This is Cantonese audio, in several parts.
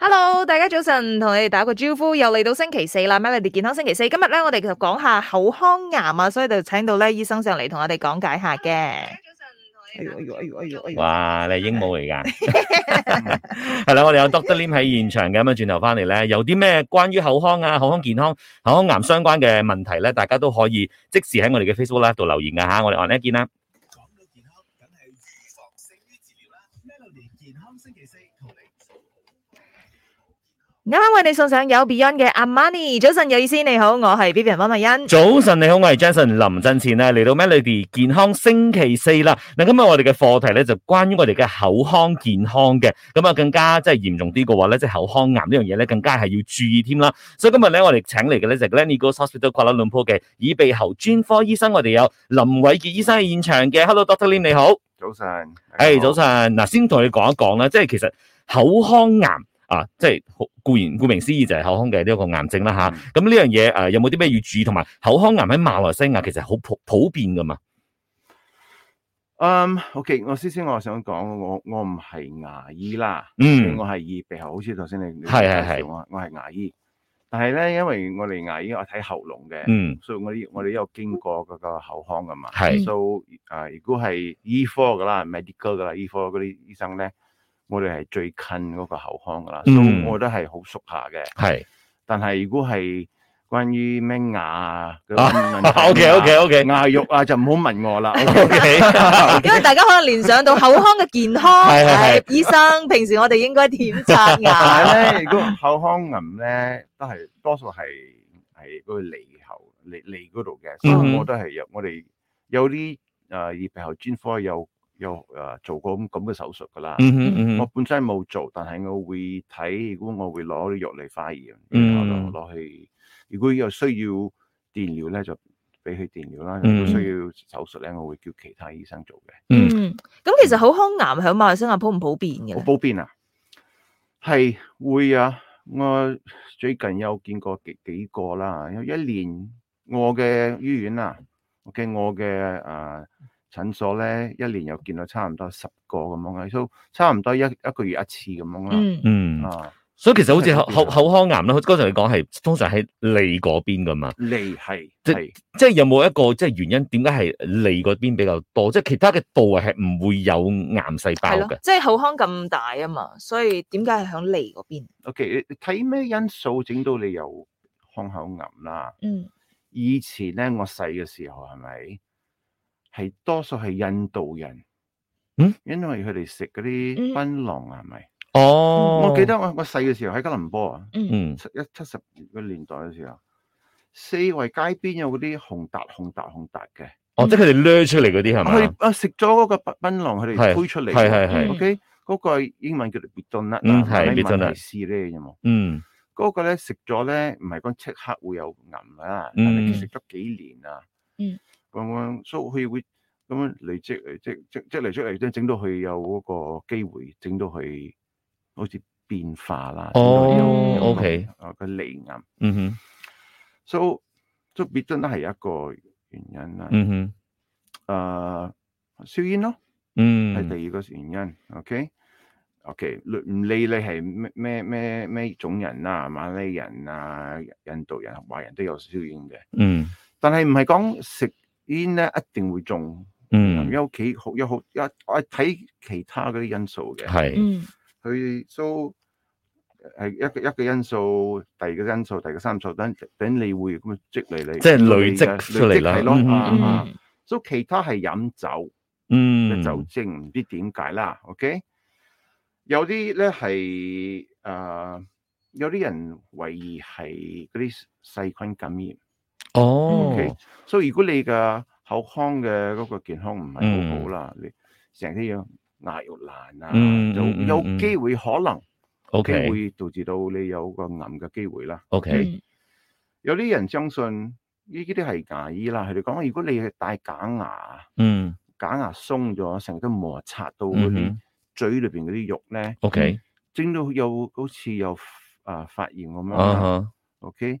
Hello，大家早晨，同你哋打個招呼，又嚟到星期四啦，咁啊，你哋健康星期四，今日咧，我哋就講下口腔癌啊，所以就請到咧醫生上嚟同我哋講解下嘅。哎呦哎呦哎呦哎呦！哇，你係鸚鵡嚟噶？係啦，我哋有 Doctor Lim 喺現場嘅，咁樣轉頭翻嚟咧，有啲咩關於口腔啊、口腔健康、口腔癌相關嘅問題咧，大家都可以即時喺我哋嘅 Facebook 呢度留言噶吓，我哋一陣見啦。啱啱為你送上有 Beyond 嘅《Amani》。早晨有意思，你好，我係 Beyond 溫欣。早晨你好，我係 Jason 林振前啊，嚟到 Melody 健康星期四啦。嗱，今日我哋嘅課題咧就關於我哋嘅口腔健康嘅，咁啊更加即係嚴重啲嘅話咧，即係口腔癌呢樣嘢咧，更加係要注意添啦。所以今日咧我哋請嚟嘅咧就係 Glenny 哥 Hospital Kuala Lumpur 嘅耳鼻喉專科醫生，我哋有林偉杰醫生喺現場嘅。Hello Dr Lim，你好。早晨。誒，早晨。嗱，先同你講一講啦，即係其實口腔癌。啊，即係固然，顧名思義就係口腔嘅呢一個癌症啦吓。咁、啊、呢樣嘢誒、啊，有冇啲咩要注意？同埋，口腔癌喺馬來西亞其實好普普遍噶嘛。嗯、um，OK，我先先我想講，我我唔係牙醫啦，嗯，我係耳鼻喉，好似頭先你係係係，你是是是我我係牙醫，但係咧，因為我哋牙醫我睇喉嚨嘅，嗯，所以我我哋有經過嗰個口腔噶嘛，係是，所以誒、呃，如果係醫科噶啦 medical 噶啦，醫科嗰啲醫，醫生咧。我哋係最近嗰個口腔噶啦，嗯、所以我都係好熟下嘅。係是，但係如果係關於咩牙問題啊，牙啊，OK OK OK，牙肉啊就唔好問我啦。因為大家可能聯想到口腔嘅健康係醫生， 平時我哋應該點刷牙咧？如果口腔癌咧都係多數係係嗰個脷後、脷脷嗰度嘅，所以我都係有、嗯、我哋有啲耳鼻喉專科有。有啊，做過咁咁嘅手術噶啦。嗯嗯嗯，我本身冇做，但係我會睇，如果我會攞啲藥嚟化驗，嗯，攞攞去。如果有需要電療咧，就俾佢電療啦。嗯，如果需要手術咧，我會叫其他醫生做嘅。嗯，咁其實口腔癌喺馬來西亞普唔普遍嘅？好普遍啊，係會啊。我最近有見過幾幾個啦，有一年我嘅醫院啊，嘅我嘅啊。診所咧一年又見到差唔多十個咁樣嘅，所以差唔多一一個月一次咁樣啦。嗯，啊，所以其實好似口口腔癌啦，剛才你講係通常喺脷嗰邊㗎嘛。脷係即係即係有冇一個即係、即係、原因？點解係脷嗰邊比較多？即係其他嘅部位係唔會有癌細胞嘅？即係口腔咁大啊嘛，所以點解係響脷嗰邊？O K，睇咩因素整到你有口腔癌啦？嗯，以前咧我細嘅時候係咪？是係多數係印度人，嗯，因為佢哋食嗰啲檳榔啊，係咪？哦，我記得我我細嘅時候喺吉隆坡啊，嗯，一七十年代嘅時候，四圍街邊有嗰啲紅達紅達紅達嘅，哦，即係佢哋掠出嚟嗰啲係咪？啊，食咗嗰個檳榔，佢哋推出嚟，係係係，OK，嗰個英文叫做 betel nut，啊，係 betel nut，是咧，有冇？嗯，嗰個咧食咗咧，唔係講即刻會有癌啊，係咪？佢食咗幾年啊？嗯。咁樣，so 佢會咁樣累積、累積、積積嚟出嚟，將整到佢有嗰個機會，整到佢好似變化啦。哦，OK，佢離癌。嗯哼，so，都必真係一個原因啦。嗯哼，誒，燒煙咯。嗯，係第二個原因。OK，OK，唔理你係咩咩咩咩種人呀，馬來人啊、印度人、華人都有燒煙嘅。嗯，但係唔係講食煙咧一定會中，嗯，有幾好，有好有，我睇其他嗰啲因素嘅，係，佢都係一個一個因素，第二個因素，第三個因素等等，你會咁樣積累你，即係累積出嚟啦，嗯嗯，所以其他係飲酒，嗯，酒精唔知點解啦，OK，有啲咧係誒，有啲人懷疑係嗰啲細菌感染。哦，所以如果你嘅口腔嘅嗰個健康唔係好好啦，你成日都要牙肉爛啊，有有機會可能，OK，會導致到你有個癌嘅機會啦。OK，有啲人相信呢啲啲係牙醫啦，佢哋講，如果你係戴假牙，嗯，假牙鬆咗，成日都摩擦到嗰啲嘴裏邊嗰啲肉咧，OK，整到有好似有啊發炎咁樣，OK。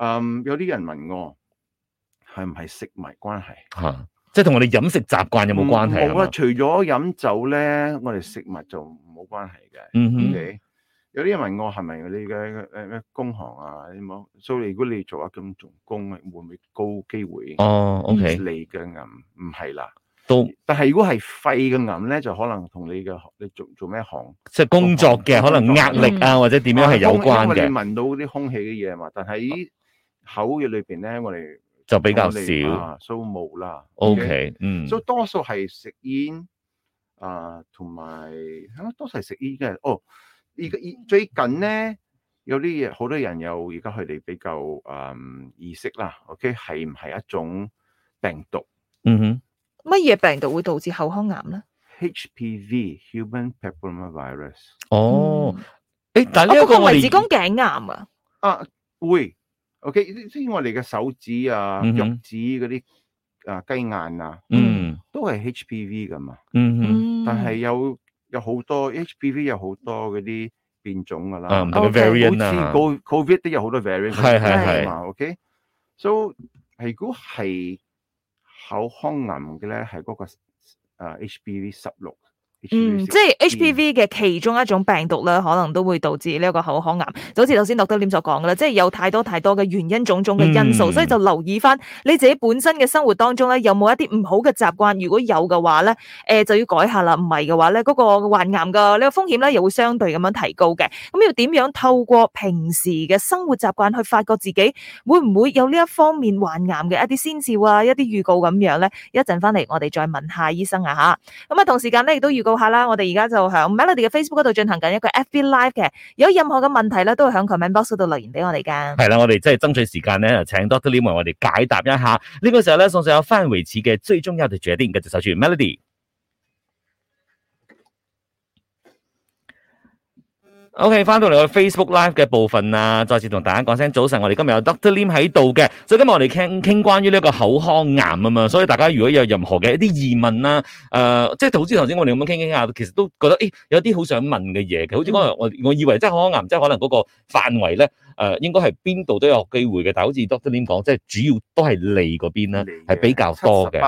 嗯，有啲人問我係唔係食物關係？嚇，即係同我哋飲食習慣有冇關係？我覺得，除咗飲酒咧，我哋食物就冇關係嘅。嗯哼，有啲人問我係咪你嘅誒咩工行啊？冇，所以如果你做下咁重工，會唔會高機會？哦，O K，脷嘅癌唔係啦，都。但係如果係肺嘅癌咧，就可能同你嘅你做做咩行，即係工作嘅可能壓力啊或者點樣係有關嘅。因為你聞到啲空氣嘅嘢啊嘛，但係。口嘅裏邊咧，我哋就，就比較少，所以冇啦。O、okay? K，、okay, 嗯，所以、so, 多數係食煙啊，同埋，吓，多數係食煙嘅。哦，而而最近咧，有啲嘢，好多人又而家佢哋比較誒、嗯、意識啦。O K，係唔係一種病毒？嗯哼，乜嘢病毒會導致口腔癌咧？H P V Human Papilloma Virus。哦，誒、嗯，但係呢個我我個、啊、子宮頸癌啊？啊，會。O.K. 即係我哋嘅手指啊、肉刺嗰啲啊雞眼啊，都係 H.P.V. 㗎嘛。嗯哼，但係有有好多 H.P.V. 有好多嗰啲變種㗎喇。啊，唔同嘅 variant 啊。好似 COVID 都有好多 variant 係係係。O.K. So 如果係口腔癌嘅咧，係嗰個啊 H.P.V. 十六。嗯，即係 H P V 嘅其中一種病毒咧，可能都會導致呢一個口腔癌。就好似頭先諾德廉就講啦，即係有太多太多嘅原因種種嘅因素，嗯、所以就留意翻，你自己本身嘅生活當中咧，有冇一啲唔好嘅習慣？如果有嘅話咧，誒、呃、就要改下啦。唔係嘅話咧，嗰、嗰個患癌噶，呢個風險咧又會相對咁樣提高嘅。咁要點樣透過平時嘅生活習慣去發覺自己會唔會有呢一方面患癌嘅一啲先兆啊，一啲預告咁樣咧？一陣翻嚟我哋再問下醫生啊吓。咁、嗯、啊，同時間咧亦都要。下啦，我哋而家就響 Melody 嘅 Facebook 度進行緊一個 FB Live 嘅，有任何嘅問題咧，都會響 comment box 度留言俾我哋噶。係啦，我哋真係爭取時間咧，請 Doctor Lim 為我哋解答一下。呢、這個時候咧，送上翻維持嘅最重要嘅決定繼續守住 Melody。O.K.，翻到嚟我 Facebook Live 嘅部分啊，再次同大家講聲早晨。我哋今日有 Dr. Lim 喺度嘅，所以今日我哋傾傾關於呢個個口腔癌啊嘛。所以大家如果有任何嘅一啲疑問啊，誒、呃，即係好似頭先我哋咁傾傾下，其實都覺得誒、欸、有啲好想問嘅嘢嘅。好似我我以為即係口腔癌，即、就、係、是、可能嗰個範圍咧誒、呃，應該係邊度都有機會嘅。但係好似 Dr. Lim 講，即係主要都係你嗰邊啦，係比較多嘅。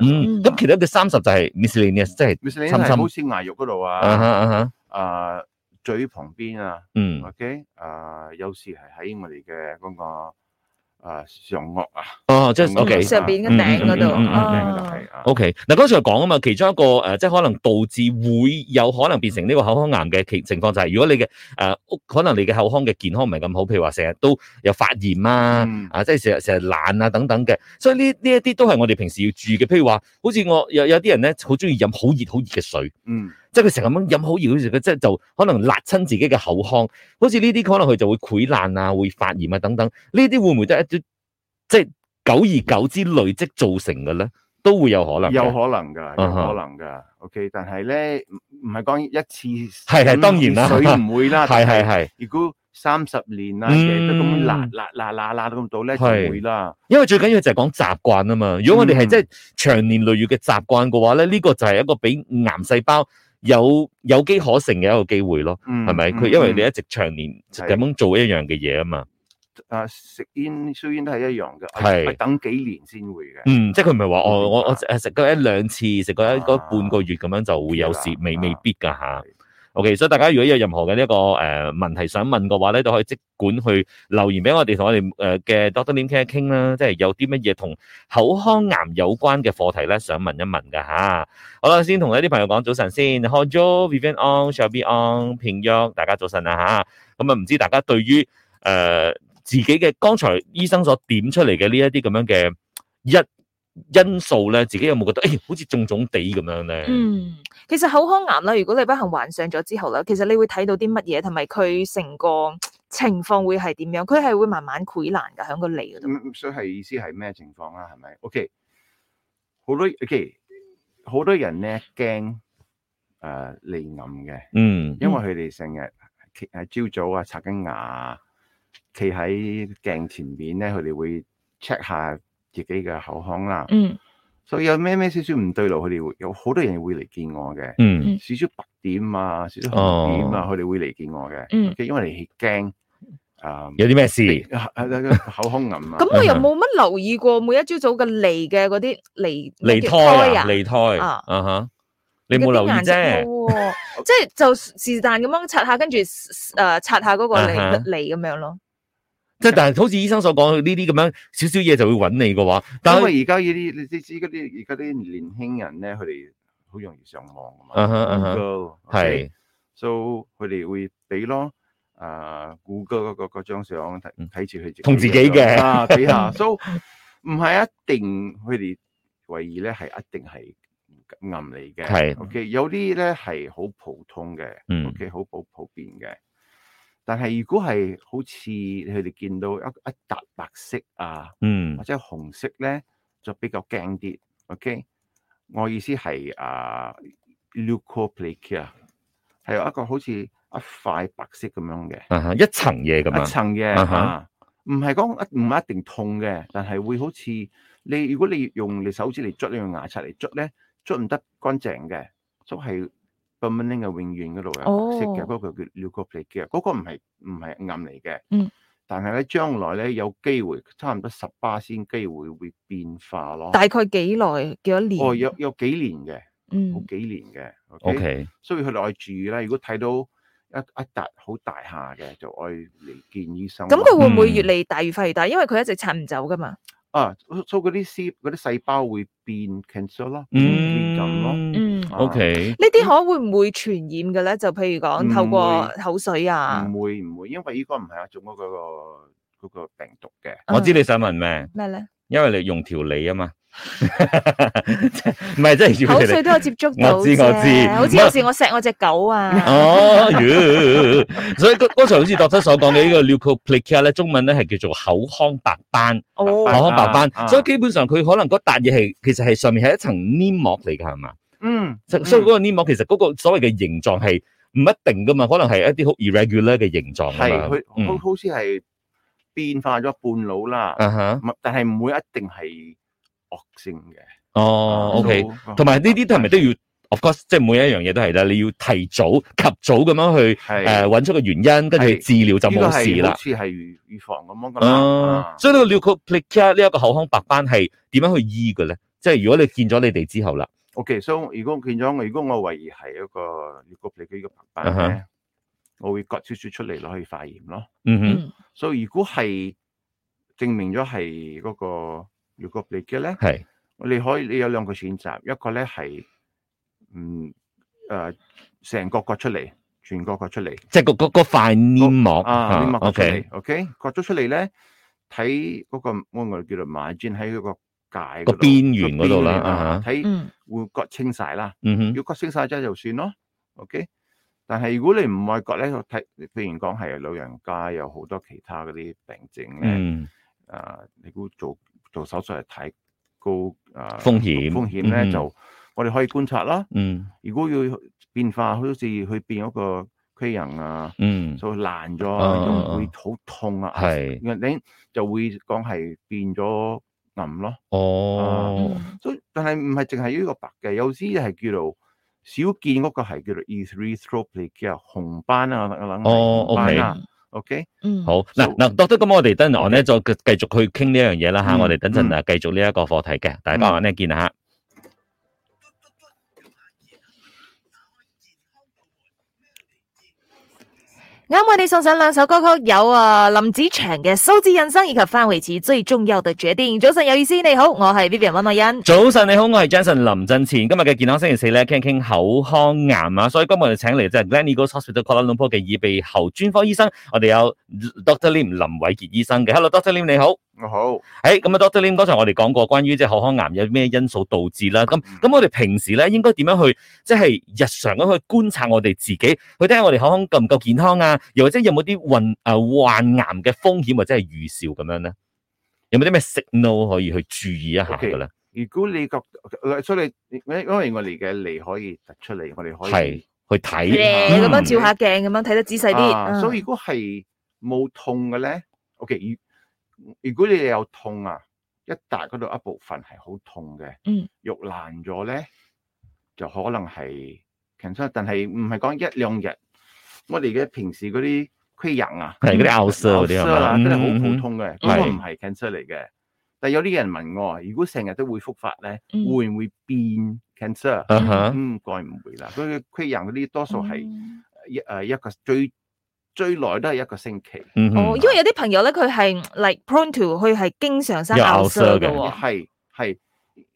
嗯，咁、啊、其他嘅三十就係 miscellaneous，即係、啊、深 n 牙肉嗰度啊。啊哈嗰度啊！嘴旁邊啊，嗯，OK，uh, 那個 uh, 啊，有時係喺我哋嘅嗰個啊上顎 okay, 啊，哦，即係、嗯、上邊嘅頂嗰度係啊，啊，OK，嗱，剛才講啊嘛，其中一個誒、呃，即係可能導致會有可能變成呢個口腔癌嘅其情況就係、是，如果你嘅誒、呃，可能你嘅口腔嘅健康唔係咁好，譬如話成日都有發炎啊，嗯、啊，即係成日成日爛啊等等嘅，所以呢呢一啲都係我哋平時要注意嘅，譬如話，好似我有有啲人咧，好中意飲好熱好熱嘅水，嗯。即係佢成日咁樣飲好熱嘅時候，佢即係就可能辣親自己嘅口腔，好似呢啲可能佢就會潰爛啊、會發炎啊等等。呢啲會唔會都一啲即係久而久之累積造成嘅咧？都會有可能，有可能。有可能噶，有可能噶。OK，但係咧唔係講一次，係係是、嗯、當然啦，水唔會啦，係係係。如果三十年啊，咁辣辣辣辣辣到咁到咧，是就會啦。因為最緊要就係講習慣啊嘛。如果我哋係即係長年累月嘅習慣嘅話咧，呢、嗯、個就係一個俾癌細胞。有有機可乘嘅一個機會咯，係咪、嗯？佢因為你一直長年咁樣做一樣嘅嘢啊嘛，啊食煙、燒、嗯、煙、嗯嗯、都係一樣嘅，係的、啊、等幾年先會嘅。嗯，即係佢唔係話我、嗯、我我食過一兩次，食過一個、啊、半個月咁樣就會有事，的啊、未未必噶吓。啊 OK，所以大家如果有任何嘅呢一個誒問題想問嘅話咧，都可以即管去留言俾我哋，同我哋誒嘅 Doctor Nick 傾一傾啦。即係有啲乜嘢同口腔癌有關嘅課題咧，想問一問噶吓。好啦，先同一啲朋友講早晨先，Hello，we've been on shall be on 平壤，大家早晨啊吓。咁啊，唔知大家對於誒、呃、自己嘅剛才醫生所點出嚟嘅呢一啲咁樣嘅一因素咧，自己有冇覺得，哎，好似腫腫地咁樣咧？嗯，其實口腔癌啦，如果你不幸患上咗之後咧，其實你會睇到啲乜嘢，同埋佢成個情況會係點樣？佢係會慢慢潰爛噶，喺個脷嗰度。嗯，所以係意思係咩情況啊？係咪？OK，好多 OK，好多人咧驚誒，脷癌嘅，嗯，因為佢哋成日喺朝早啊，刷緊牙，企喺鏡前面咧，佢哋會 check 下。自己嘅口腔啦，所以有咩咩少少唔對路，佢哋會有好多人會嚟見我嘅，少少白點啊，少少紅點啊，佢哋會嚟見我嘅，因為你驚啊，有啲咩事？口腔癌啊？咁我又冇乜留意過，每一朝早嘅脷嘅嗰啲脷脷苔啊，脷苔，啊，吓？你冇留意啫，即係就是但咁樣刷下，跟住誒刷下嗰個脷脷咁樣咯。即係，但係好似醫生所講，呢啲咁樣少少嘢就會揾你嘅話，但係因為而家呢啲呢啲你知啲而家啲年輕人咧，佢哋好容易上網噶嘛。Google 係，so 佢哋會畀咯，啊 Google 嗰嗰張相睇睇住佢同自己嘅啊睇下 ，so 唔係一定佢哋懷疑咧係一定係暗嚟嘅，係是 OK，有啲咧係好普通嘅、嗯、，OK 好普普遍嘅。但係如果係好似佢哋見到一一笪白色啊，嗯、或者紅色咧，就比較驚啲。OK，我意思係啊 leukoplakia 啊，係有一個好似一塊白色咁樣嘅、啊，一層嘢咁啊，唔係講一唔一定痛嘅，但係會好似你如果你用你手指嚟捽你用牙刷嚟捽咧，捽唔得乾淨嘅，都係。百蚊拎嘅永遠嗰度有白色嘅，嗰、哦、個叫 leukoplakia 啊，嗰個唔係唔係暗嚟嘅。嗯，但係咧將來咧有機會，差唔多十巴仙機會會變化咯。大概幾耐？幾多年？哦，有有幾年嘅，好幾年嘅。O K，所以佢耐住咧，如果睇到一一笪好大下嘅，就愛嚟見醫生。咁佢會唔會越嚟、嗯、大越發越大？因為佢一直擦唔走噶嘛。啊，抽嗰啲絲嗰啲細胞會變 cancer 咯，嗯、變咁咯，嗯，OK，呢啲可會唔會傳染嘅咧？就譬如講透過口水啊，唔會，唔會，唔會，因為呢個唔係一種嗰個、嗰個病毒嘅，我知你想問咩？咩咧、嗯？因為你用條脷啊嘛，唔係即係，口水都有接觸到。我知我知，好似有時我錫我隻狗啊。哦，所以剛才好似 doctor 所講嘅呢個 leukoplakia 咧，中文咧係叫做口腔白斑。哦，口腔白斑，所以基本上佢可能嗰笪嘢係其實係上面係一層黏膜嚟噶，係嘛？嗯，所以嗰個黏膜其實嗰個所謂嘅形狀係唔一定噶嘛，可能係一啲好 irregular 嘅形狀啊嘛。係佢好好似係。變化咗半老啦，uh huh. 但係唔會一定係惡性嘅。哦，OK，同埋呢啲都係咪都要？Of course，即係每一樣嘢都係啦。你要提早及早咁樣去誒呃、揾出個原因，跟住治療就冇事啦。呢好似係預防咁樣㗎、uh huh. 所以呢個 leukoplakia 呢一個口腔白斑係點樣去醫嘅咧？即係如果你見咗你哋之後啦，OK。所以如果我見咗，如果我懷疑係一個 leukoplakia 一個白斑我會割少少出嚟可以化驗咯。嗯哼，所以如果係證明咗係嗰個肉骨嚟嘅咧，係你可以你有兩個選擇，一個咧係嗯誒成個割出嚟，全個割出嚟，即係個個個塊黏膜啊。O K O K 割咗出嚟咧，睇嗰個我哋叫做 Margin 喺嗰個界個邊緣嗰度啦。睇會割清晒啦。嗯哼，要割清晒之後就算咯。O K。但係如果你唔覺得咧，睇，譬如講係老人家有好多其他嗰啲病症咧，啊、嗯呃，你估做做手術係太高啊、呃、風險風險咧、嗯、就，我哋可以觀察啦。嗯，如果要變化，好似去變一個潰瘍啊，嗯，了啊、就爛咗，會好痛啊，係是，你就會講係變咗癌咯。哦、啊，所以但係唔係淨係呢個白嘅，有啲係叫做。少見嗰個係叫做 erythroplakia 紅斑啊，我諗紅斑啊，OK，嗯，好嗱嗱 doctor，咁我哋等陣咧就繼續去傾呢一樣嘢啦吓，我哋等陣啊繼續呢一個課題嘅，大家話咧見下。啱我哋送上兩首歌曲，有啊林子祥嘅《數字人生》以及《范瑋琪最重要嘅決定》。早晨有意思，你好，我係 Vivian 溫愛欣。早晨你好，我係 Jenson 林振前。今日嘅健康星期四咧，傾一傾口腔癌啊。所以今日我哋請嚟即係 Gleneagles Hospital Kuala Lumpur 嘅耳鼻喉專科醫生，我哋有 Dr. Lim 林偉傑醫生嘅。Hello，Dr. Lim 你好，你好。誒、哎，咁啊，Dr. Lim，剛才我哋講過關於即係口腔癌有咩因素導致啦。咁咁，我哋平時咧應該點樣去即係、就是、日常咁去觀察我哋自己，去睇下我哋口腔夠唔夠健康啊？又或者有冇啲患啊、患癌嘅風險或者係預兆咁樣咧？有冇啲咩食 i 可以去注意一下噶咧？Okay. 如果你覺得，所以你因為我嚟嘅，你可以突出嚟，我哋可以去睇，咁、嗯、樣照下鏡，咁樣睇得仔細啲。啊嗯、所以如果係冇痛嘅咧，OK。如果你有痛啊，一笪嗰度一部分係好痛嘅，嗯，肉爛咗咧，就可能係。但係唔係講一兩日。我哋嘅平時嗰啲潰瘍啊，嗰啲牛舌嗰啲係嘛，真係好普通嘅，根本唔係 cancer 嚟嘅。但有啲人問我，如果成日都會復發咧，會唔會變 cancer？嗯哼，唔該唔會啦。所以潰瘍嗰啲多數係一誒一個最最耐都係一個星期。嗯哼，哦，因為有啲朋友咧，佢係 like prone to，佢係經常生牛舌嘅。係係，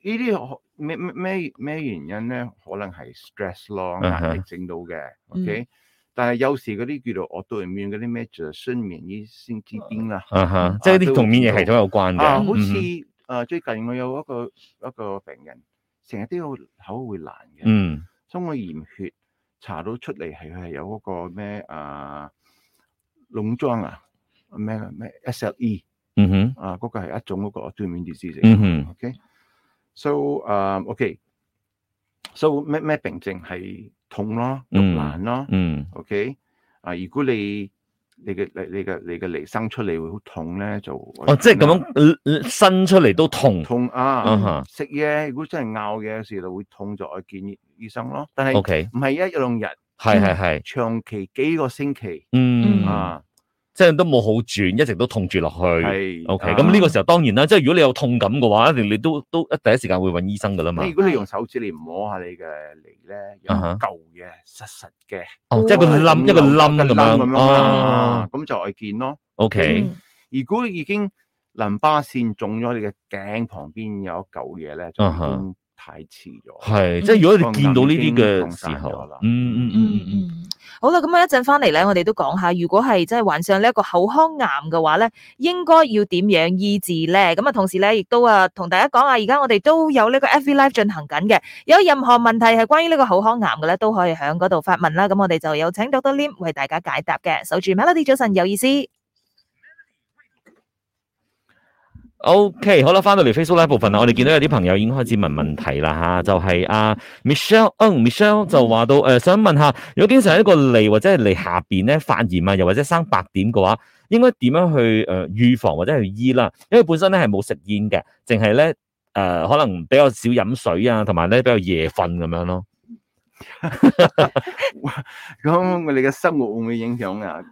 呢啲咩咩咩咩原因咧？可能係 stress 咯，壓力整到嘅。OK。但係有時嗰啲叫做 autoimmune 嗰啲咩就係睡眠醫先知邊啦，啊哈，即係呢啲同免疫系統有關嘅，啊，好似誒最近我有一個一個病人成日都要口會爛嘅，嗯，所以我驗血查到出嚟係係有嗰個咩啊狼瘡啊，咩咩 SLE，嗯哼，啊嗰個係一種嗰個 autoimmune disease，嗯哼，ok，so 啊 ok，so 咩咩病症係？痛咯，咁難咯，嗯，嗯，OK，啊，如果你你嘅你你嘅你嘅脷伸出嚟會好痛咧，就、啊、哦，即係咁樣 呃、伸出嚟都痛痛啊，食嘢、uh huh. 如果真係咬嘢有時會就會痛，就去見醫醫生咯，但係 OK 唔係一兩日係係係長期幾個星期，嗯，嗯啊。即係都冇好轉，一直都痛住落去。係，OK。咁呢個時候當然啦，即係如果你有痛感嘅話，一定你都都第一時間會揾醫生㗎啦嘛。即係如果你用手指嚟摸下你嘅脷咧，有嚿嘢實實嘅，即係個冧一個冧咁樣啦。咁就係見咯。OK。如果已經淋巴腺腫咗，你嘅頸旁邊有一嚿嘢咧。太遲咗，係是、嗯、即係如果你見到呢啲嘅時候，嗯嗯嗯嗯，好啦，咁啊一陣翻嚟咧，我哋都講下，如果係真係患上呢一個口腔癌嘅話咧，應該要點樣醫治咧？咁啊，同時咧，亦都啊同大家講下。而家我哋都有呢個 Every Life 進行緊嘅，有任何問題係關於呢個口腔癌嘅咧，都可以喺嗰度發問啦。咁我哋就有請 doctor Lim 為大家解答嘅，守住 Melody 早晨有意思。OK，好啦，翻到嚟 Facebook 呢一部分啦，我哋見到有啲朋友已經開始問問題啦吓，就係啊 Michelle，嗯，Michelle 就話到誒，想問下，如果經常喺個脷或者係脷下邊咧發炎啊，又或者生白點嘅話，應該點樣去誒預防或者去醫啦？因為本身咧係冇食煙嘅，淨係咧誒，可能比較少飲水啊，同埋咧比較夜瞓咁樣咯。咁我哋嘅生活會唔會影響啊？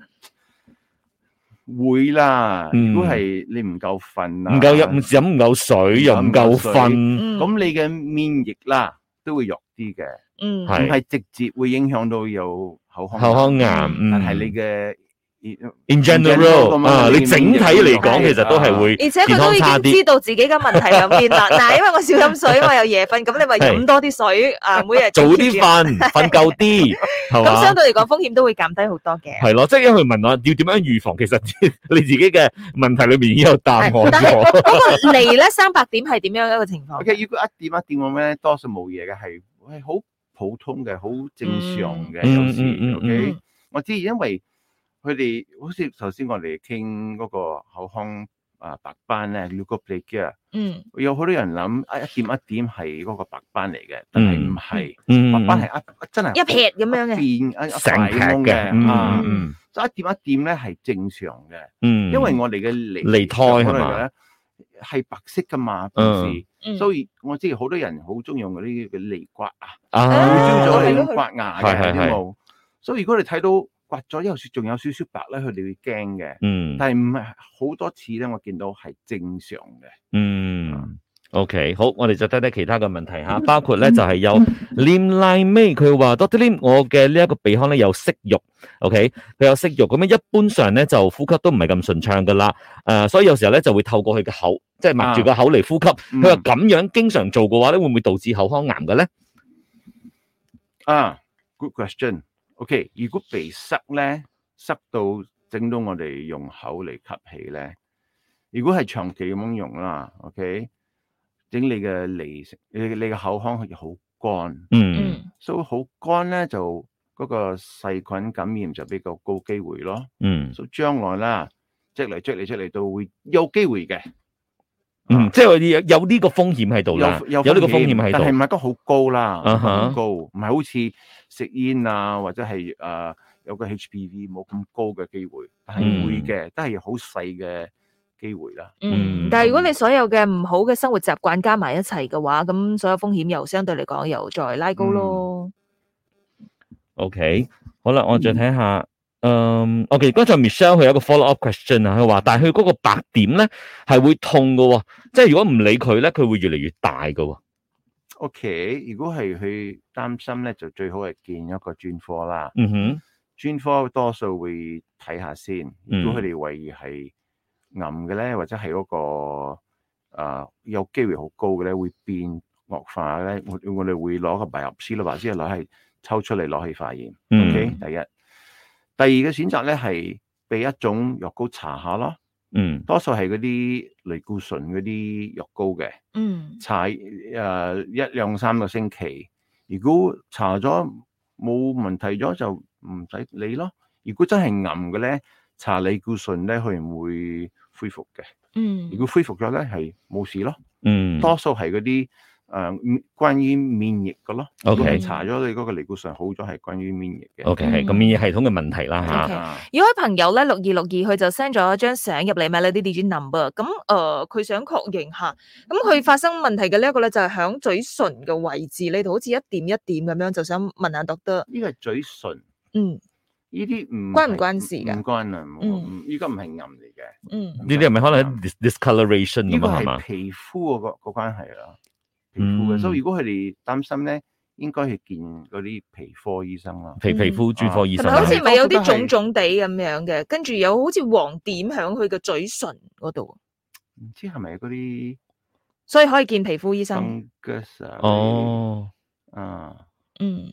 會啦，如果係你唔夠瞓啊，唔夠飲，唔止飲唔夠水又唔夠瞓，咁、嗯、你嘅免疫啦都會弱啲嘅，嗯，係直接會影響到有口腔口腔癌，口腔癌嗯、但係你嘅。In general 啊，你整體嚟講，其實都係會，而且佢都已經知道自己嘅問題有邊啦。嗱，因為我少飲水，我又夜瞓，咁你咪飲多啲水啊，每日早啲瞓，瞓夠啲，咁相對嚟講，風險都會減低好多嘅。係咯，即係因為佢問我要點樣預防，其實你自己嘅問題裏面已經有答案咗。咁啊，嚟咧三百點係點樣一個情況？OK，如果一點一點咁樣，多數冇嘢嘅，係係好普通嘅，好正常嘅。有時 OK，我知因為。佢哋好似頭先我哋傾嗰個口腔啊白斑咧，leukoplakia，嗯，有好多人諗啊一點一點係嗰個白斑嚟嘅，但係唔係，白斑係一真係一撇咁樣嘅，成撇嘅，嗯嗯，就一點一點咧係正常嘅，嗯，因為我哋嘅脷脷苔係白色噶嘛，嗯，平時，所以我知好多人好中意用嗰啲嘅脷刮啊，聚焦咗嚟刮牙嘅嗰啲毛，所以如果你睇到。刮咗有雪，仲有少少白咧，佢哋會驚嘅。嗯，但係唔係好多次咧，我見到係正常嘅。嗯，嗯，OK，好，我哋就睇睇其他嘅問題吓，嗯、包括咧就係、是、有 Lim l i，佢話 Doctor Lim，我嘅呢一個鼻腔咧有息肉。OK，佢有息肉，咁樣一般上咧就呼吸都唔係咁順暢噶啦。誒、呃，所以有時候咧就會透過佢嘅口，即係擘住個口嚟呼吸。佢話咁樣經常做嘅話咧，會唔會導致口腔癌嘅咧？啊，Good question。OK，如果鼻塞咧，塞到整到我哋用口嚟吸氣咧，如果係長期咁樣用啦，OK，整你嘅嚟食，你你嘅口腔好似好乾，嗯，mm. 所以好乾咧就嗰個細菌感染就比較高機會咯，嗯，mm. 所以將來啦，即嚟積嚟出嚟都會有機會嘅。嗯，即係有有呢個風險喺度啦，有有呢個風險喺度，但係唔係都好高啦，唔係好高，唔係好似食煙啊或者係誒有個 HPV 冇咁高嘅機會，但係會嘅，都係好細嘅機會啦。嗯，但係如果你所有嘅唔好嘅生活習慣加埋一齊嘅話，咁所有風險又相對嚟講又再拉高咯。OK，好啦，我再睇下。嗯、um，OK，剛才 Michelle 佢有一個 follow up question 啊，佢話，但係佢嗰個白點咧係會痛噶、哦，即、就、係、是、如果唔理佢咧，佢會越嚟越大噶、哦。OK，如果係佢擔心咧，就最好係見一個專科啦。嗯哼、mm，專、hmm. 科多數會睇下先。如果佢哋懷疑係暗嘅咧，或者係嗰、那個誒、呃、有機會好高嘅咧，會變惡化咧，我我哋會攞個白吸絲或者絲攞係抽出嚟攞去化驗。Mm hmm. OK，第一。第二個選擇咧，係俾一種藥膏搽下咯。嗯，多數係嗰啲類固醇嗰啲藥膏嘅。嗯，搽誒、呃、一兩三個星期。如果搽咗冇問題咗，就唔使理咯。如果真係暗嘅咧，搽類固醇咧，佢唔會恢復嘅。嗯，如果恢復咗咧，係冇事咯。嗯，多數係嗰啲。誒，關於免疫嘅咯，OK，查咗你嗰個尼古唇好咗，係關於免疫嘅，OK 係，咁免疫系統嘅問題啦吓。有位朋友咧六二六二，佢就 send 咗一張相入嚟，咪呢啲 number。咁誒，佢想確認下，咁佢發生問題嘅呢一個咧就係響嘴唇嘅位置，你度好似一點一點咁樣，就想問下 d 得。呢個係嘴唇，嗯，呢啲唔關唔關事嘅，唔關啊，唔好，依家唔係癌嚟嘅，嗯，呢啲係咪可能 discoloration 呢個係皮膚個個關係啦。嗯，所以如果佢哋擔心咧，應該係見嗰啲皮膚醫生咯，皮皮膚專科醫生。佢好似咪有啲腫腫地咁樣嘅，跟住有好似黃點響佢嘅嘴唇嗰度。唔知係咪嗰啲？所以可以見皮膚醫生。哦，啊，嗯，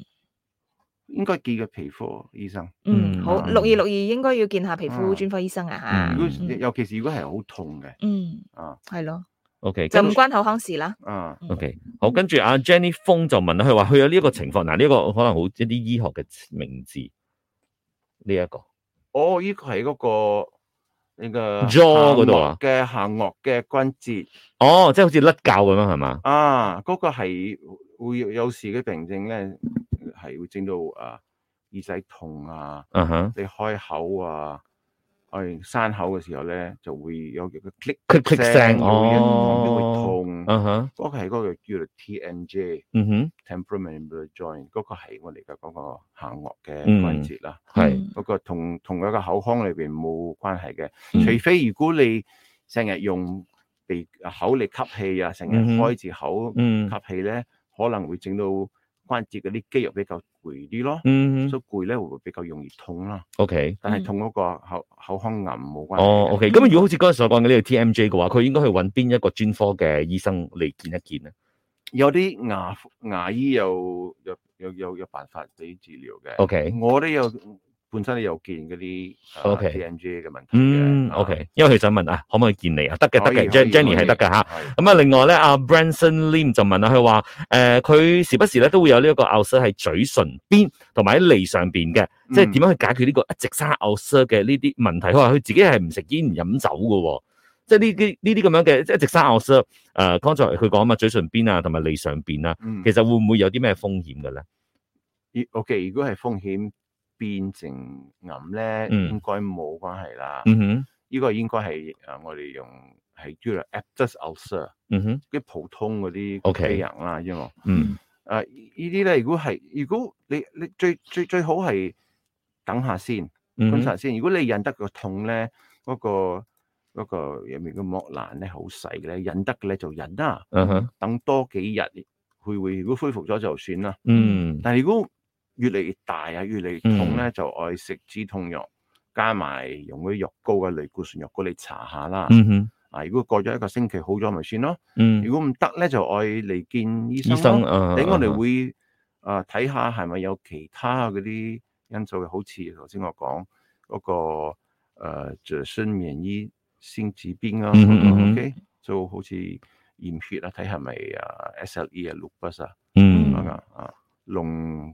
應該見個皮膚醫生。嗯，好，六二六二應該要見下皮膚專科醫生啊。吓，如果尤其是如果係好痛嘅，嗯，啊，係咯。O、okay, K 就唔關口腔事啦。嗯，O K 好，跟住阿 Jenny 峰就問啦，佢話佢有呢一個情況，嗱、啊、呢、這個可能好一啲醫學嘅名字呢一、這個。哦，呢、這個係嗰、那個呢、那個度啊，嘅下顎嘅關節。哦，即係好似甩骹咁樣係嘛？啊，嗰、那個係會有時嘅病症咧，係會整到啊耳仔痛啊，哼、uh，huh. 你開口啊。係山口嘅時候咧，就會有叫佢 click click 聲，有噢音，會痛。哼、uh，嗰、huh. 個係叫做 TMJ 哼，Temporomandibular Joint 嗰個係我哋嘅嗰個下顎嘅關節啦，係嗰、mm hmm. 嗰個同同一個口腔裏邊冇關係嘅，mm hmm. 除非如果你成日用鼻口嚟吸氣啊，成日開住口吸氣咧，mm hmm. 可能會整到關節嘅啲肌肉比較，攰啲咯，嗯、mm，hmm. 所以攰咧會會比較容易痛啦。OK，但係痛嗰個口、mm hmm. 口，口腔癌冇關係。哦、oh,，OK，咁如果好似剛才所講嘅呢個 TMJ 嘅話，佢應該去揾邊一個專科嘅醫生嚟見一見咧。有啲牙牙醫有有有有有辦法俾治療嘅。OK，我都有。本身你又見嗰啲 O.K. 嘅、uh, 問題，嗯、mm,，O.K.，、啊、因為佢想問啊，可唔可以見你啊？得嘅，得嘅，Jenny 係得嘅嚇。咁啊，另外咧，阿的、啊、Branson Lim 就問啊，佢話誒，佢、呃、時不時咧都會有呢一個 outsir 喺嘴唇邊同埋喺脷上邊嘅，即係點樣去解決呢個一直生 outsir 嘅呢啲問題？佢話佢自己係唔食煙唔飲酒嘅喎、哦，即係呢啲呢啲咁樣嘅、就是、一直生 outsir 誒、啊，剛才佢講啊嘛，嘴唇邊啊，同埋脷上邊啊，其實會唔會有啲咩風險嘅咧、嗯嗯、？O.K. 如果係風險。變成癌咧，應該冇關係啦。呢、mm hmm. 個應該係誒，我哋用係叫做 absor，嗯哼，啲、mm hmm. 普通嗰啲人啦、啊，因為、okay. mm，嗯、hmm. 啊，誒，呢啲咧，如果係，如果你你最最最好係等下先，等下先。Mm hmm. 如果你忍得痛呢、那個痛咧，嗰、那個個入面嘅膜爛咧好細嘅咧，忍得嘅咧就忍啦、啊。嗯哼、uh，huh. 等多幾日，佢會如果恢復咗就算啦。嗯、mm，hmm. 但係如果越嚟越大啊，越嚟越痛咧、嗯、哼就愛食止痛藥，加埋用嗰啲藥膏嘅類固醇藥膏，你查下啦。啊，如果過咗一個星期好咗咪算咯。嗯、如果唔得咧就愛嚟見醫生咯，醫生嗯、等我哋會啊睇下係咪有其他嗰啲因素嘅，好似頭先我講嗰、嗰個誒、呃，著身免疫性疾病咯。OK，就好似驗血啦，睇下係咪啊 SLE 啊，lupus 啊，啊，龍。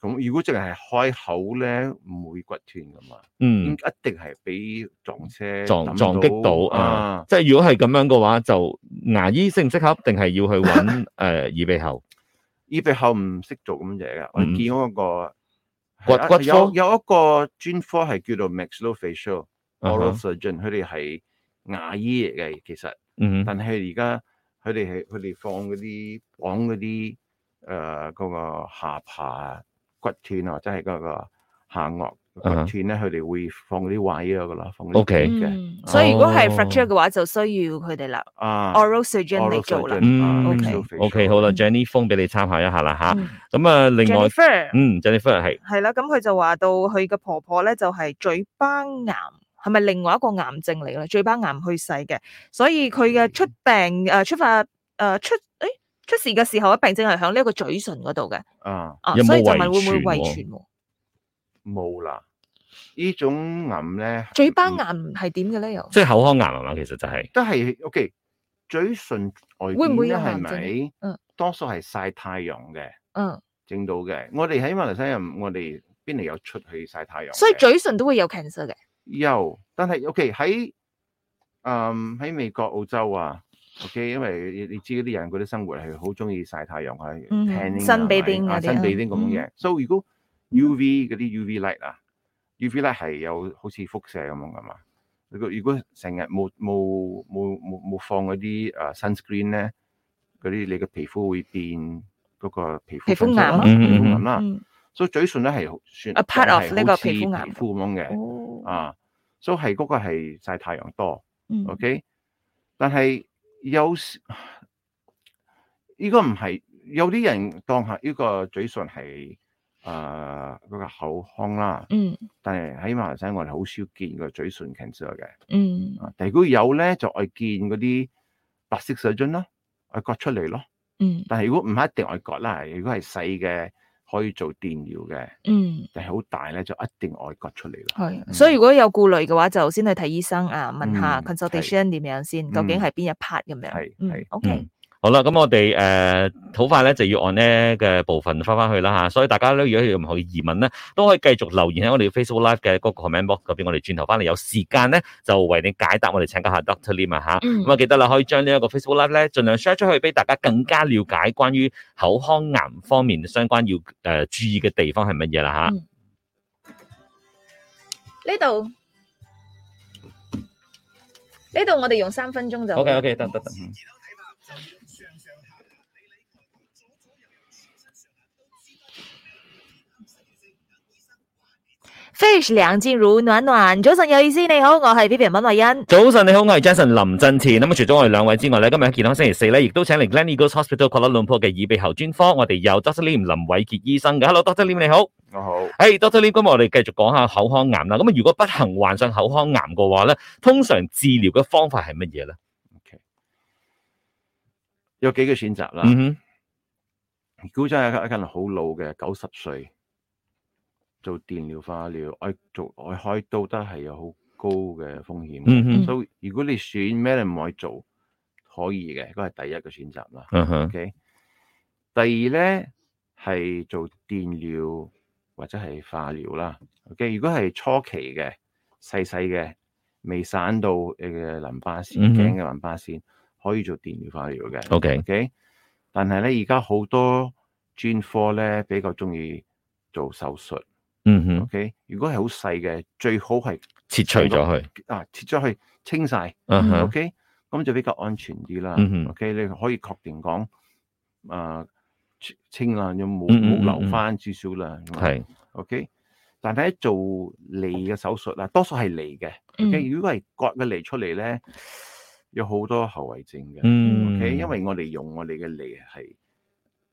咁如果淨係開口咧，唔會骨斷噶嘛？嗯，一定係俾撞車撞撞擊到啊！啊，即係如果係咁樣嘅話，就牙醫適唔適合，定係要去揾誒耳鼻喉？耳鼻喉唔識做咁嘢噶，嗯、我見嗰個骨骨有有一個專科係叫做 Maxillofacial、嗯、哼 Oral Surgeon 佢哋係牙醫嚟嘅，其實，嗯、哼但係而家佢哋係佢哋放嗰啲綁嗰啲誒嗰個下巴。骨斷啊，即係嗰個下顎骨斷咧，佢哋會放嗰啲位咯，噶咯，放嘅。O K，所以如果係 fracture 嘅話，就需要佢哋啦。啊，oral surgeon 嚟做啦。嗯，O K，O K，好啦，Jenny 封俾你參考一下啦嚇。咁啊，另外，嗯，Jenny Fair 係。係啦，咁佢就話到佢嘅婆婆咧，就係嘴巴癌，係咪另外一個癌症嚟嘅咧？嘴巴癌去世嘅，所以佢嘅出病誒出發誒出。出事嘅時候，咧病症係響呢一個嘴唇嗰度嘅。啊，啊，有有所以就問會唔會遺傳？冇啦，呢種癌咧，嘴巴癌係點嘅咧？又即係口腔癌啊嘛，其實就係都係。O.K. 嘴唇外邊咧，係咪？嗯，多數係曬太陽嘅。嗯，整到嘅。我哋喺馬來西亞，我哋邊度有出去曬太陽？所以嘴唇都會有 cancer 嘅。有，但係 O.K. 喺，嗯，喺美國、澳洲啊。OK，因為你知嗰啲人嗰啲生活係好鍾意曬太陽啊，曬新啲啲啊，新啲啲咁嘅嘢。So 如果 UV 嗰啲 UV light 啊，UV light 係有好似輻射咁樣噶嘛。你如果成日冇冇冇冇冇放嗰啲誒 sunscreen 咧，嗰啲你嘅皮膚會變嗰個皮膚皮膚癌咯。嗯嗯嗯。咁啦，所以嘴唇咧係算係皮膚癌。啊，part of 呢個皮膚癌咁嘅。哦。啊，所以係嗰個係曬太陽多。嗯。OK，但係。有，呢、這個唔係有啲人當下呢個嘴唇係誒嗰個口腔啦。嗯，但係喺馬來西亞我哋好少見個嘴唇 cancer 嘅。嗯，但係如果有咧，就係見嗰啲白色水樽咯，我割出嚟咯。嗯，但係如果唔係一定我割啦，如果係細嘅。可以做電療嘅，嗯，但係好大咧就一定外割出嚟啦。係是，嗯、所以如果有顧慮嘅話，就先去睇醫生啊，問下 consultation 點樣先、嗯，究竟係邊一 part 咁樣。係係，OK。好啦，咁我哋誒，好快咧就要按呢嘅部分翻翻去啦吓，所以大家咧如果有任何疑問咧，都可以繼續留言喺我哋 Facebook Live 嘅 comment box 嗰邊，我哋轉頭翻嚟有時間咧就為你解答。我哋請教下 Dr. Lim 啊吓，咁啊、嗯、記得啦，可以將呢一個 Facebook Live 咧盡量 share 出去俾大家更加了解關於口腔癌方面相關要誒注意嘅地方係乜嘢啦吓。呢度呢度我哋用三分鐘就好 OK OK，等等等。Fish 梁靜茹暖暖，早晨有意思，你好，我係 P P 文慧欣。早晨你好，我係 Jason 林振前。咁啊，除咗我哋兩位之外咧，今日喺健康星期四咧，亦都請嚟 Gleneagles Hospital Kuala Lumpur 嘅耳鼻喉專科，我哋有 Dr Lim 林偉傑醫生嘅。Hello，Dr Lim，你好，我好。係、hey, Dr Lim，今日我哋繼續講下口腔癌啦。咁啊，如果不幸患上口腔癌嘅話咧，通常治療嘅方法係乜嘢咧？Okay. 有幾個選擇啦。嗯哼、mm，估真係一間好老嘅，九十歲。做電療、化療，我做我開刀都係有好高嘅風險，所以、mm hmm. so, 如果你選咩唔可以做，可以嘅，嗰係第一個選擇啦。Uh huh. OK，第二咧係做電療或者係化療啦。OK，如果係初期嘅細細嘅未散到誒淋巴腺頸嘅淋巴腺，可以做電療、化療嘅。OK，OK，、okay? Okay. 但係咧而家好多專科咧比較中意做手術。嗯哼，OK，如果係好細嘅，最好係切除咗佢，啊，切咗佢清晒，啊，OK，咁就比較安全啲啦。OK，你可以確定講，啊，清啦就冇冇留翻，至少啦，係 OK。但係一做脷嘅手術啊，多數係脷嘅，OK，如果係割個脷出嚟咧，有好多後遺症嘅，OK，因為我哋用我哋嘅脷係。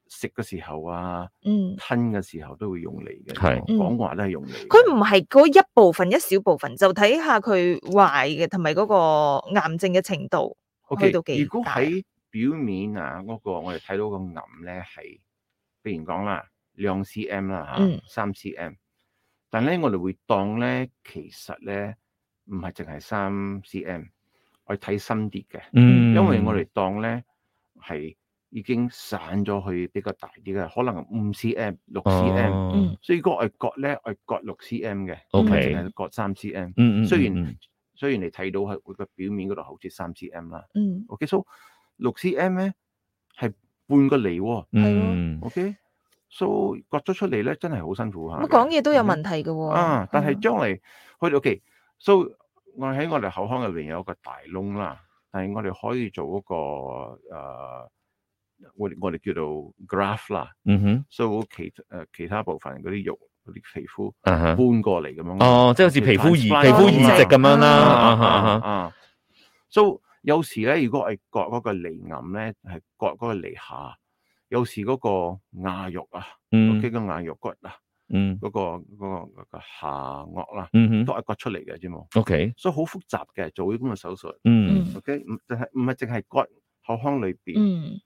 食嘅時候啊，吞嘅時候都會用嚟嘅，講話都係用嚟。佢唔係嗰一部分一小部分，就睇下佢壞嘅同埋嗰個癌症嘅程度去到幾大。如果喺表面啊，嗰個我哋睇到個癌咧係，譬如講啦，兩 cm 啦吓，三 cm，但咧我哋會當咧其實咧唔係淨係三 cm，我睇深啲嘅，嗯，因為我哋當咧係。已經散咗去比較大啲嘅，可能五 cm、六 cm，所以個我割咧我割六 cm 嘅，唔係淨係割三 cm。嗯嗯，雖然雖然你睇到係我個表面嗰度好似三 cm 啦。嗯，ok so 六 cm 咧係半個脷喎。嗯，ok so 割咗出嚟咧，真係好辛苦吓。我講嘢都有問題嘅。啊，但係將來去到，ok so 我喺我哋口腔入邊有一個大窿啦，但係我哋可以做嗰個誒。我我哋叫做 graph 啦，嗯哼，所以好其誒其他部分嗰啲肉、嗰啲皮膚，嗯哼，搬過嚟咁樣，哦，即係好似皮膚移皮膚移植咁樣啦，啊啊啊，所以有時咧，如果係割嗰個脷癌咧，係割嗰個脷下，有時嗰個牙肉啊，嗯，幾牙肉骨啊，嗯，嗰個個個下顎啦，嗯哼，都係割出嚟嘅啫嘛，O K，所以好複雜嘅做咁嘅手術，嗯，O K，唔就係唔係淨係割口腔裏邊，嗯。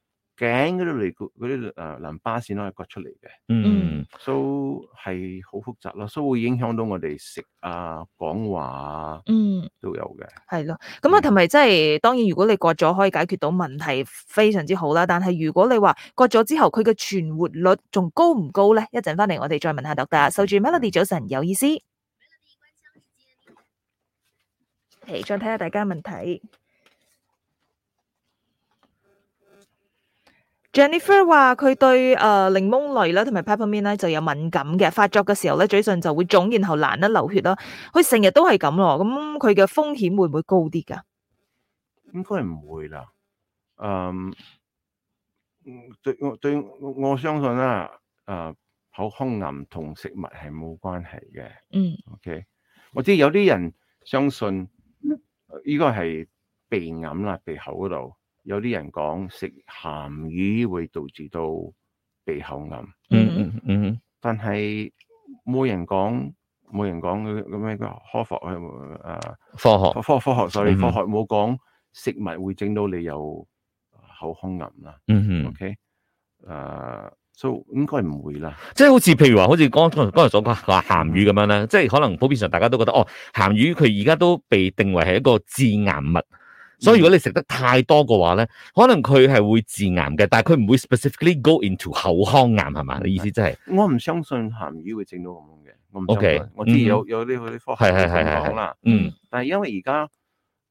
頸嗰啲嚟嗰嗰啲誒淋巴腺咧，可以割出嚟嘅，嗯，所以係好複雜咯，所以會影響到我哋食啊，講話、啊嗯，嗯，都有嘅、就是，係咯，咁啊同埋即係當然，如果你割咗可以解決到問題，非常之好啦。但係如果你話割咗之後，佢嘅存活率仲高唔高咧？一陣翻嚟我哋再問下特達。受住 Melody 早晨，有意思。嚟再睇下大家問題。Jennifer 話佢對誒檸檬類啦，同埋 peppermint 咧就有敏感嘅，發作嘅時候咧，嘴唇就會腫，然後難得流血咯。佢成日都係咁咯，咁佢嘅風險會唔會高啲㗎？應該唔會啦。嗯、um,，對我對，我相信啦、啊。誒，口腔癌同食物係冇關係嘅。嗯。O.K. 我知有啲人相信呢個係鼻癌啦，鼻口嗰度。有啲人講食鹹魚會導致到鼻口癌，嗯嗯嗯，嗯但是，但係冇人講冇人講咁樣嘅科學，誒、啊，科學科科科學，所以科學冇講、嗯嗯、食物會整到你有口腔癌啦，嗯嗯，嗯，OK，誒、uh, so,，所以應該唔會啦，即係好似譬如話好似剛剛才所講話鹹魚咁樣即係可能普遍上大家都覺得哦，鹹魚佢而家都被定為係一個致癌物。所以如果你食得太多嘅話咧，可能佢係會致癌嘅，但係佢唔會 specifically go into 口腔癌係嘛？是是的你意思即、就、係、是？我唔相信鹹魚會整到咁樣嘅，我唔相信。Okay, 嗯、我知有有呢啲科學家咁講啦。嗯，但係因為而家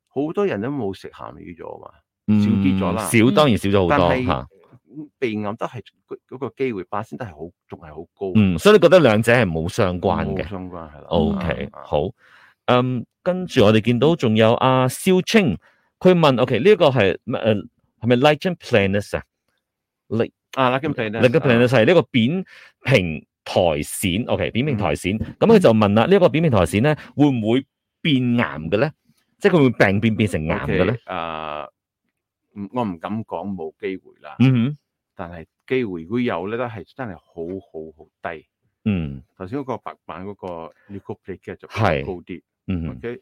好多人都冇食鹹魚咗嘛，嗯、了少啲咗啦，少當然少咗好多吓。鼻癌都係嗰、那個機會巴仙都係好，仲係好高、嗯。所以你覺得兩者係冇相關嘅？冇相關係啦。O Okay , K，、嗯、好。嗯，跟住我哋見到仲有阿肖青。佢問：OK，呢個係乜？誒係咪 lichen planus 啊？力啊，lichen planus。Lichen planus 係呢個扁平苔蘚。OK，扁平苔蘚。咁佢就問啦：呢個扁平苔蘚咧，會唔會變癌嘅咧？即係佢會病變變成癌嘅咧？誒，我唔敢講冇機會啦。嗯哼。但係機會如果有咧，都係真係好好好低。嗯。頭先嗰個白板嗰個 leukoplakia 就高啲。嗯哼。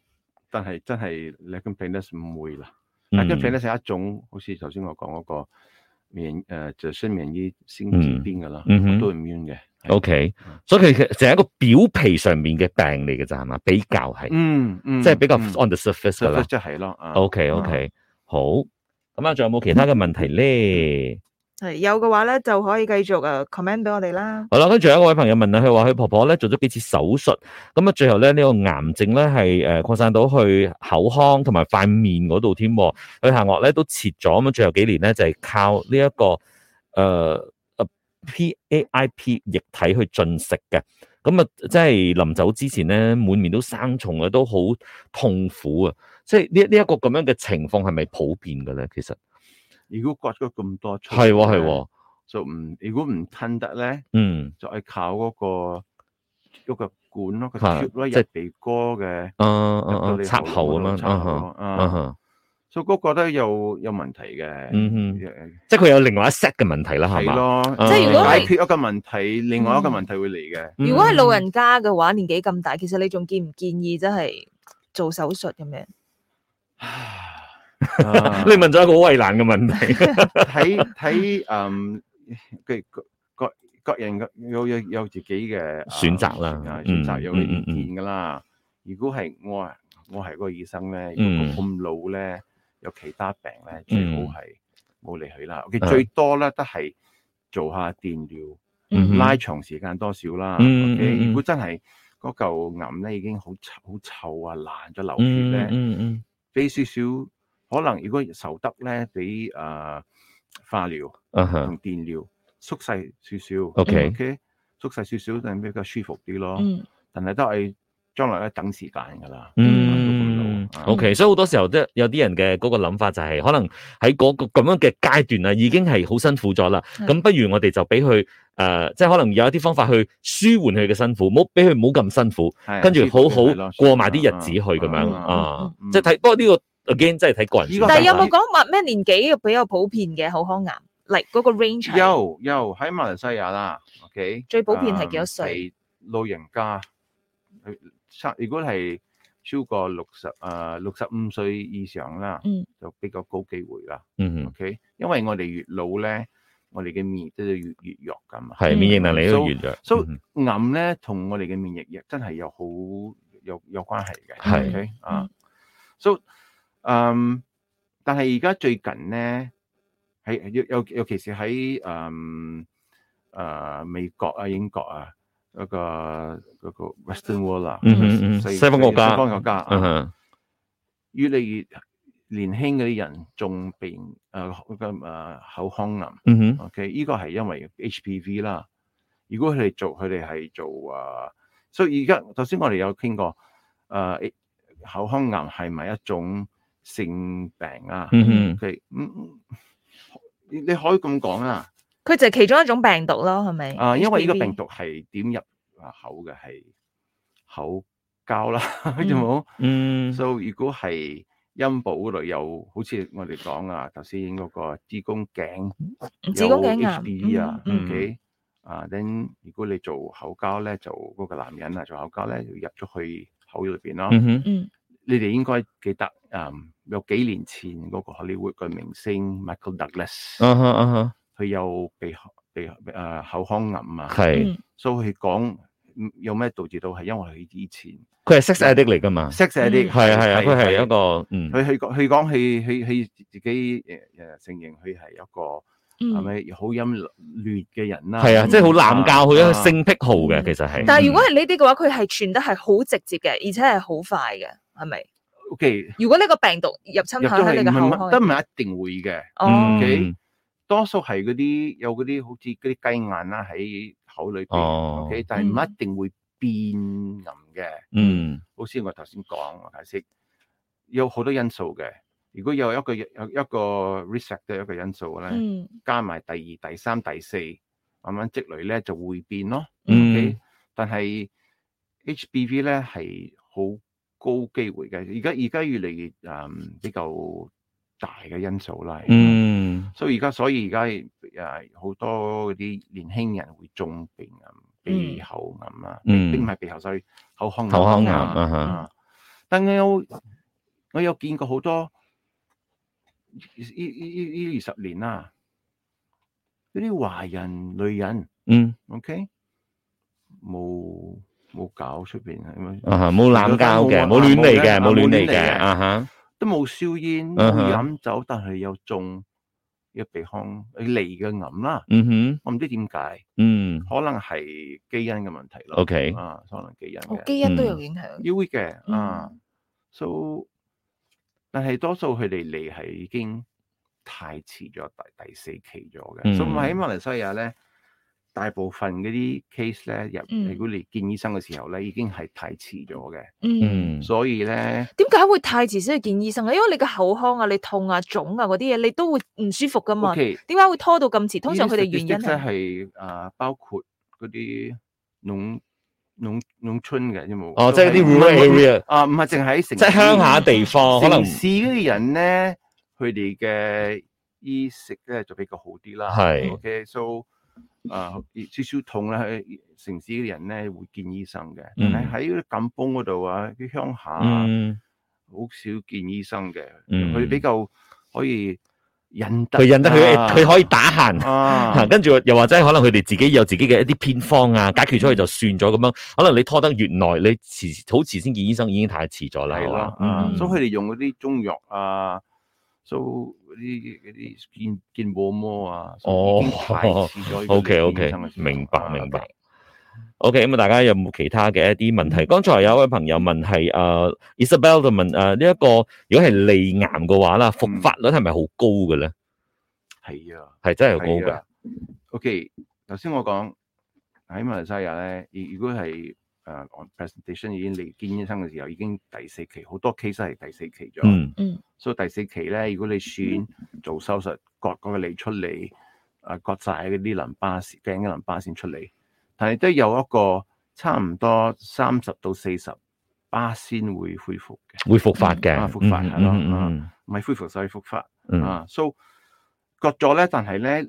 但係真係 leukopenia 唔會啦。leukopenia 係一種好似頭先我講嗰、那個免疫誒，就、呃、身免疫先至癲嘅咯，嗯嗯、我都唔遠嘅。O、okay, K，所以佢其實係一個表皮上面嘅病嚟嘅咋係嘛？比較係、嗯，嗯嗯，即係比較 on the surface 啦，即係咯。O K O K，好。咁啊，仲有冇其他嘅問題咧？嗯係有嘅話咧，就可以繼續誒 comment 俾我哋啦。好啦，跟住有一位朋友問啊，佢話佢婆婆咧做咗幾次手術，咁啊最後咧呢個癌症咧係誒擴散到去口腔同埋塊面嗰度添，佢下顎咧都切咗，咁最後幾年咧就係靠呢、這、一個誒誒、呃、P A I P 液體去進食嘅。咁啊即係臨走之前咧滿面都生蟲啊，都好痛苦啊。即係呢呢一個咁樣嘅情況係咪普遍嘅咧？其實？如果割咗咁多出，係喎，係喎，就唔如果唔吞得咧，嗯，就係靠嗰個嗰個管咯，個 tube 咯，即係鼻哥嘅，啊啊啊，插喉咁樣，插喉，啊哈，所以我覺得又有問題嘅，嗯嗯，即係佢有另外一 set 嘅問題啦，係咯，即係如果解決一個問題，另外一個問題會嚟嘅。如果係老人家嘅話，年紀咁大，其實你仲建唔建議即係做手術咁樣？你問咗一個好為難嘅問題，睇睇誒，各各各人有有有自己嘅選擇啦，選擇有你意見噶啦。如果係我我係嗰個醫生咧，如果咁老咧，有其他病咧，最好係冇理佢啦。OK 最多咧，都係做下電療，拉長時間多少啦。如果真係嗰嚿癌咧已經好臭好臭啊，爛咗流血咧，俾少少。可能如果受得咧，俾誒化療同電療縮細少少，OK，縮細少少就係比較舒服啲咯。但係都係將來咧等時間㗎啦。嗯，OK。所以好多時候都有啲人嘅嗰個諗法就係，可能喺嗰個咁樣嘅階段啊，已經係好辛苦咗啦。咁不如我哋就俾佢誒，即係可能有一啲方法去舒緩佢嘅辛苦，唔好俾佢唔好咁辛苦，跟住好好過埋啲日子去咁樣啊。即係睇，不過呢個。again 真係睇個人，但係有冇講話咩年紀比較普遍嘅口腔癌 like 嗰個 range？有有喺馬來西亞啦，OK。最普遍係幾多歲？嗯、老人家差，如果係超過六十啊六十五歲以上啦，嗯，就比較高機會啦，嗯 OK 因為我哋越老咧，我哋嘅免疫都越越，越弱㗎嘛，係、嗯、免疫能力都越弱所，所以癌咧同我哋嘅免疫，疫真係有好有有關係嘅，係、okay? 啊、嗯，所以。嗯，但係而家最近咧，喺尤尤尤其是喺誒誒美國啊、英國啊嗰個嗰個 Western World 啦，嗯嗯嗯，西方國家，西方國家，嗯哼，越嚟越年輕嘅啲人重病誒咁誒口腔癌，嗯哼，OK，依個係因為 HPV 啦。如果佢哋做，佢哋係做啊，所以而家頭先我哋有傾過誒，口腔癌係咪一種？性病啊，嗯哼，佢，嗯嗯，你你可以咁講啊，佢就係其中一種病毒咯，係咪？啊，因為呢個病毒係點入口嘅，係口交啦，知冇？嗯，所以如果係陰部嗰度有，好似我哋講啊，頭先嗰個子宮頸，子宮頸癌啊，O.K.，啊，咁如果你做口交咧，就嗰個男人啊做口交咧，就入咗去口裏邊咯。嗯哼。你哋應該記得，嗯，有幾年前嗰個 Hollywood 嘅明星 Michael Douglas，嗯哼嗯哼，佢有被被誒口腔癌啊，係，所以佢講有咩導致到係因為佢以前，佢係 sex addict 嚟噶嘛，sex addict，係啊係啊，佢係一個，佢佢佢講佢佢佢自己誒誒承認佢係一個係咪好陰慾嘅人啦，係啊，即係好濫交佢一個性癖好嘅其實係，但係如果係呢啲嘅話，佢係傳得係好直接嘅，而且係好快嘅。係咪？O K，如果呢個病毒入侵喺你個口腔，都唔係一定會嘅。O K，多數係嗰啲有嗰啲好似嗰啲雞眼啦喺口裏邊。O K，但係唔一定會變癌嘅。嗯，好似我頭先講我解釋，有好多因素嘅。如果有一個有一個 reset 嘅一個因素咧，加埋第二、第三、第四慢慢積累咧，就會變咯。O K，但係 H B V 咧係好。高機會嘅，而家而家越嚟越誒比較大嘅因素啦。嗯，所以而家所以而家誒好多嗰啲年輕人會中病啊，鼻喉癌啦，並唔係鼻喉衰，口腔口腔癌啊嚇。但係我我有見過好多呢呢呢呢二十年啦，嗰啲華人女人，嗯，OK，冇。冇搞出邊啊！冇濫交嘅，冇亂嚟嘅，冇亂嚟嘅啊！吓都冇燒煙，冇飲酒，但係又中一個鼻腔嚟嘅癌啦。嗯哼，我唔知點解。嗯，可能係基因嘅問題咯。OK 啊，可能基因嘅基因都有影響。會嘅啊，所以但係多數佢哋嚟係已經太遲咗第第四期咗嘅。所以喺馬來西亞咧。大部分嗰啲 case 咧，入如果你見醫生嘅時候咧，嗯、已經係太遲咗嘅。嗯，所以咧，點解會太遲先去見醫生？係因為你個口腔啊、你痛啊、腫啊嗰啲嘢，你都會唔舒服噶嘛。點解 Okay, 會拖到咁遲？通常佢哋原因係誒，包括嗰啲農農農，農村嘅，因為哦，即係啲 rural area 啊，唔係淨喺城市，即鄉下地方，城市嗰啲人咧，佢哋嘅衣食咧就比較好啲啦。係是，OK，so、okay, 啊、呃，少少痛咧，城市嘅人咧會見醫生嘅，嗯、但係喺錦豐嗰度啊，啲鄉下啊，好、嗯、少見醫生嘅，佢、嗯、比較可以忍得，佢忍得佢，佢、啊、可以打閒啊，跟住又或者可能佢哋自己有自己嘅一啲偏方啊，嗯、解決出去就算咗咁樣，可能你拖得越耐，你遲好遲先見醫生，已經太遲咗啦，係咯，所以佢哋用嗰啲中藥啊。做嗰啲嗰啲健健保膜啊，哦，OK OK，明白明白，OK 咁啊，大家有冇其他嘅一啲問題？剛才有一位朋友問係誒 Isabel 就問誒呢一個如果係脷癌嘅話啦，復發率係咪好高嘅咧？係啊，係真係好高嘅。OK，頭先我講喺馬來西亞咧，如如果係。誒，on、uh, presentation 已經嚟見醫生嘅時候已經第四期，好多 case 都係第四期咗。嗯嗯，所以、so, 第四期咧，如果你選做手術割嗰個脷出嚟，誒，割晒嗰啲淋巴線、頸嘅淋巴線出嚟，但係都有一個差唔多三十到四十巴仙會恢復嘅，會復發嘅，復發係咯，唔係恢復，所以復發。嗯，so 割咗咧，但係咧。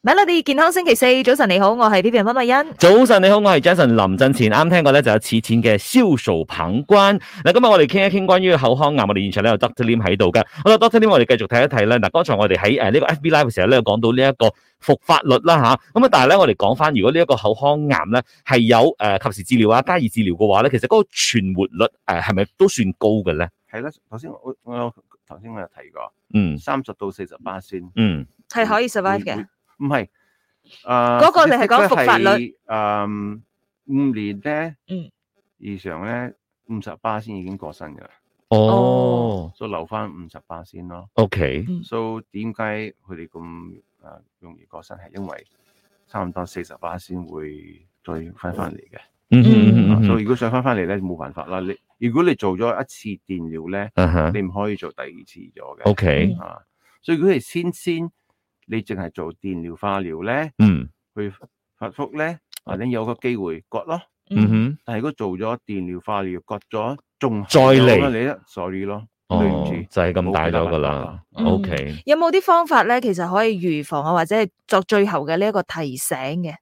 MELODY 健康星期四，早晨你好，我係 P P R 潘麗欣。早晨你好，我係 Jason 林振前。啱聽過咧，就有淺淺嘅銷售旁觀。嗱，今日我哋傾一傾關於口腔癌，我哋現場咧有 Doctor Lim 喺度嘅。好啦，Doctor Lim 我哋繼續睇一睇咧。嗱，剛才我哋喺誒呢個 F B Live 嘅時候咧，講到呢一個復發率啦吓。咁啊，但係咧，我哋講翻，如果呢一個口腔癌咧係有誒及時治療啊，加以治療嘅話咧，其實嗰個存活率誒係咪都算高嘅咧？係啦，頭先我我頭先我有提過，嗯，三十到四十八先，嗯，係可以 survive 嘅。唔係，誒，嗰、呃、個你係講復發率，誒，五、呃、年咧，嗯，以上咧，五十八先已經過身㗎喇，哦，所以留翻五十八先咯，OK，所以點解佢哋咁誒容易過身，係因為差唔多四十八先會再翻翻嚟嘅，嗯哼嗯嗯、啊、所以如果想翻翻嚟咧，冇辦法啦，你如果你做咗一次電療咧，uh huh. 你唔可以做第二次咗嘅，OK，啊，所以如果係先先。你淨係做電療、化療咧，嗯，去發福咧，或者有個機會割咯，嗯哼。但係如果做咗電療、化療，割咗仲再嚟，sorry 咯對唔住，就係咁大咗噶啦。O K，有冇啲方法咧？其實可以預防啊，或者係作最後嘅呢一個提醒嘅。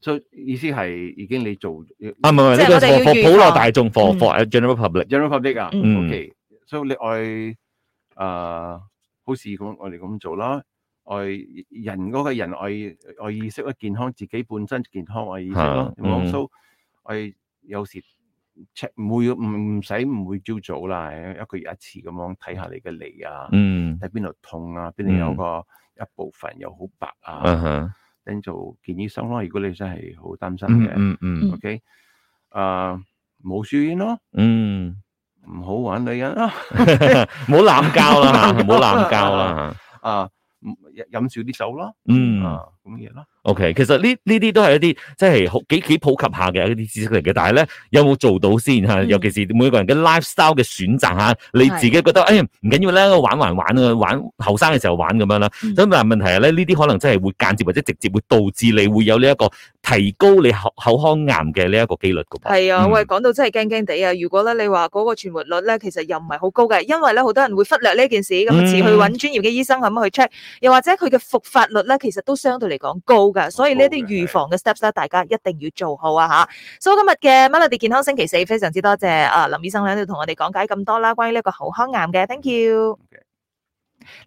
所以意思係已經你做，啊唔唔，即係我哋要普羅大眾，普普嘅 general public，general public 啊，嗯，O K。所以你我啊。好似咁我哋咁做啦，外人嗰、那個人外外意識嘅健康，自己本身健康外意識咯。網蘇、啊，嗯、so, 我有時 check 唔會唔唔使唔會朝早啦，一個月一次咁樣睇下你嘅脷啊，喺邊度痛啊，邊度有一個、嗯、一部分又好白啊，咁、啊、哈做見醫生咯。如果你真係好擔心嘅，OK，誒冇燒煙咯，嗯。嗯 okay? uh, 唔好玩女人啦，唔好濫交啦，唔好濫交啦，啊飲少啲酒咯，嗯，咁嘢咯。OK，其實呢呢啲都係一啲即係幾幾普及下嘅一啲知識嚟嘅，但係咧有冇做到先吓？嗯、尤其是每個人嘅 lifestyle 嘅選擇吓，你自己覺得誒唔緊要咧，玩還玩啊，玩後生嘅時候玩咁樣啦。咁、嗯、但係問題係咧，呢啲可能真係會間接或者直接會導致你會有呢、這、一個。提高你口口腔癌嘅呢一個幾率噶嘛，係啊喂，講到真係驚驚地啊，如果咧你話嗰個存活率咧，其實又唔係好高嘅。因為咧好多人會忽略呢件事咁，似去搵專業嘅醫生咁去 check，又或者佢嘅復發率咧其實都相對嚟講高噶，所以呢啲預防嘅 steps 咧大家一定要做好啊吓。嗯、所以 step,、啊、的 so, 今日嘅 Melody 健康星期四非常之多謝啊林醫生喺度同我哋講解咁多啦，關於呢個口腔癌嘅，thank you。Okay.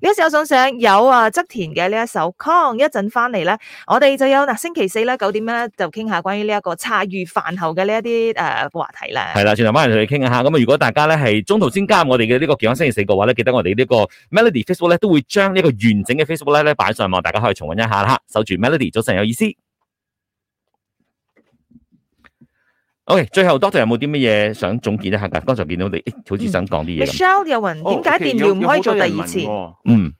呢一首送上有啊，側田嘅呢一首 Con，一陣翻嚟呢，我哋就有嗱，星期四呢九點呢，就傾下關於呢一個茶餘飯後嘅呢一啲呃話題啦。係啦，轉頭翻嚟同你傾下。吓，咁如果大家呢係中途先加入我哋嘅呢個健康星期四嘅話呢，記得我哋呢個 Melody Facebook 呢都會將呢個完整嘅 Facebook 呢擺上網，大家可以重溫一下啦。守住 Melody，早晨有意思。O.K. 最後 doctor 有冇啲乜嘢想總結一下噶？剛才見到你，誒，好似想講啲嘢。Michelle 又問：點解電療唔可以做第二次？嗯，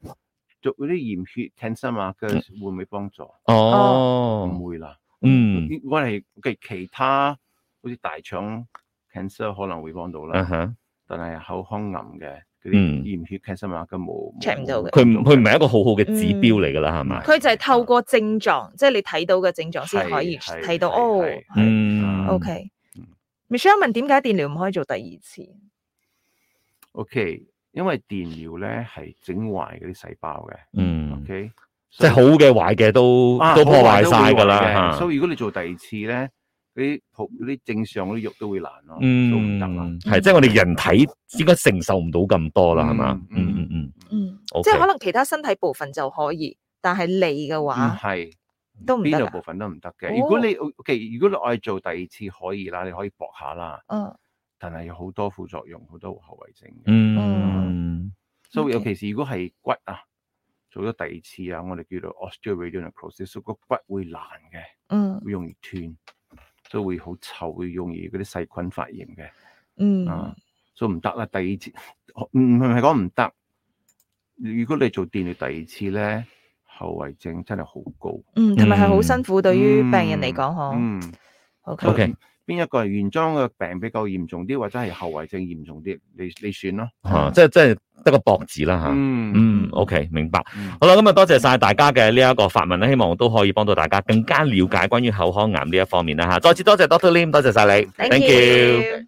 做啲驗血 cancer 啊，佢會唔會幫助？哦，唔會啦。嗯，我係嘅其他好似大腸 cancer 可能會幫到啦。但係口腔癌嘅嗰啲驗血 cancer 啊，佢冇 check 唔到嘅。佢唔佢唔係一個好好嘅指標嚟噶啦，係咪？佢就係透過症狀，即係你睇到嘅症狀先可以睇到。哦，O.K. Michelle 問點解電療唔可以做第二次？OK，因為電療咧係整壞嗰啲細胞嘅，嗯，OK，即係好嘅、壞嘅都都破壞晒噶啦。所以如果你做第二次咧，啲嗰啲正常嗰啲肉都會爛咯，嗯，都唔得啦，係即係我哋人體應該承受唔到咁多啦，係嘛，嗯嗯嗯，嗯，即係可能其他身體部分就可以，但係你嘅話係。都邊個部分都唔得嘅。哦、如果你 OK，如果你愛做第二次可以啦，你可以搏下啦。嗯、啊。但係有好多副作用，好多後遺症。嗯。嗯，所以 okay. 尤其是如果係骨啊，做咗第二次啊，我哋叫做 osteoradionecrosis，個骨會爛嘅。嗯。會容易斷，所以會好臭，會容易嗰啲細菌發炎嘅。嗯。啊，所以唔得啦，第二次唔唔係講唔得。如果你做電療第二次咧。後遺症真係好高嗯是很嗯，嗯，同埋係好辛苦對於病人嚟講，嗬，嗯，好，O K，邊一個原裝嘅病比較嚴重啲，或者係後遺症嚴重啲，你你選咯、啊，啊，即係即係得個搏字啦，吓，嗯，嗯，O、okay, K，明白，嗯、好啦，咁啊，多謝晒大家嘅呢一個發問咧，希望都可以幫到大家更加了解關於口腔癌呢一方面啦，吓，再次多謝 Dr. Lim，多謝晒你，Thank you。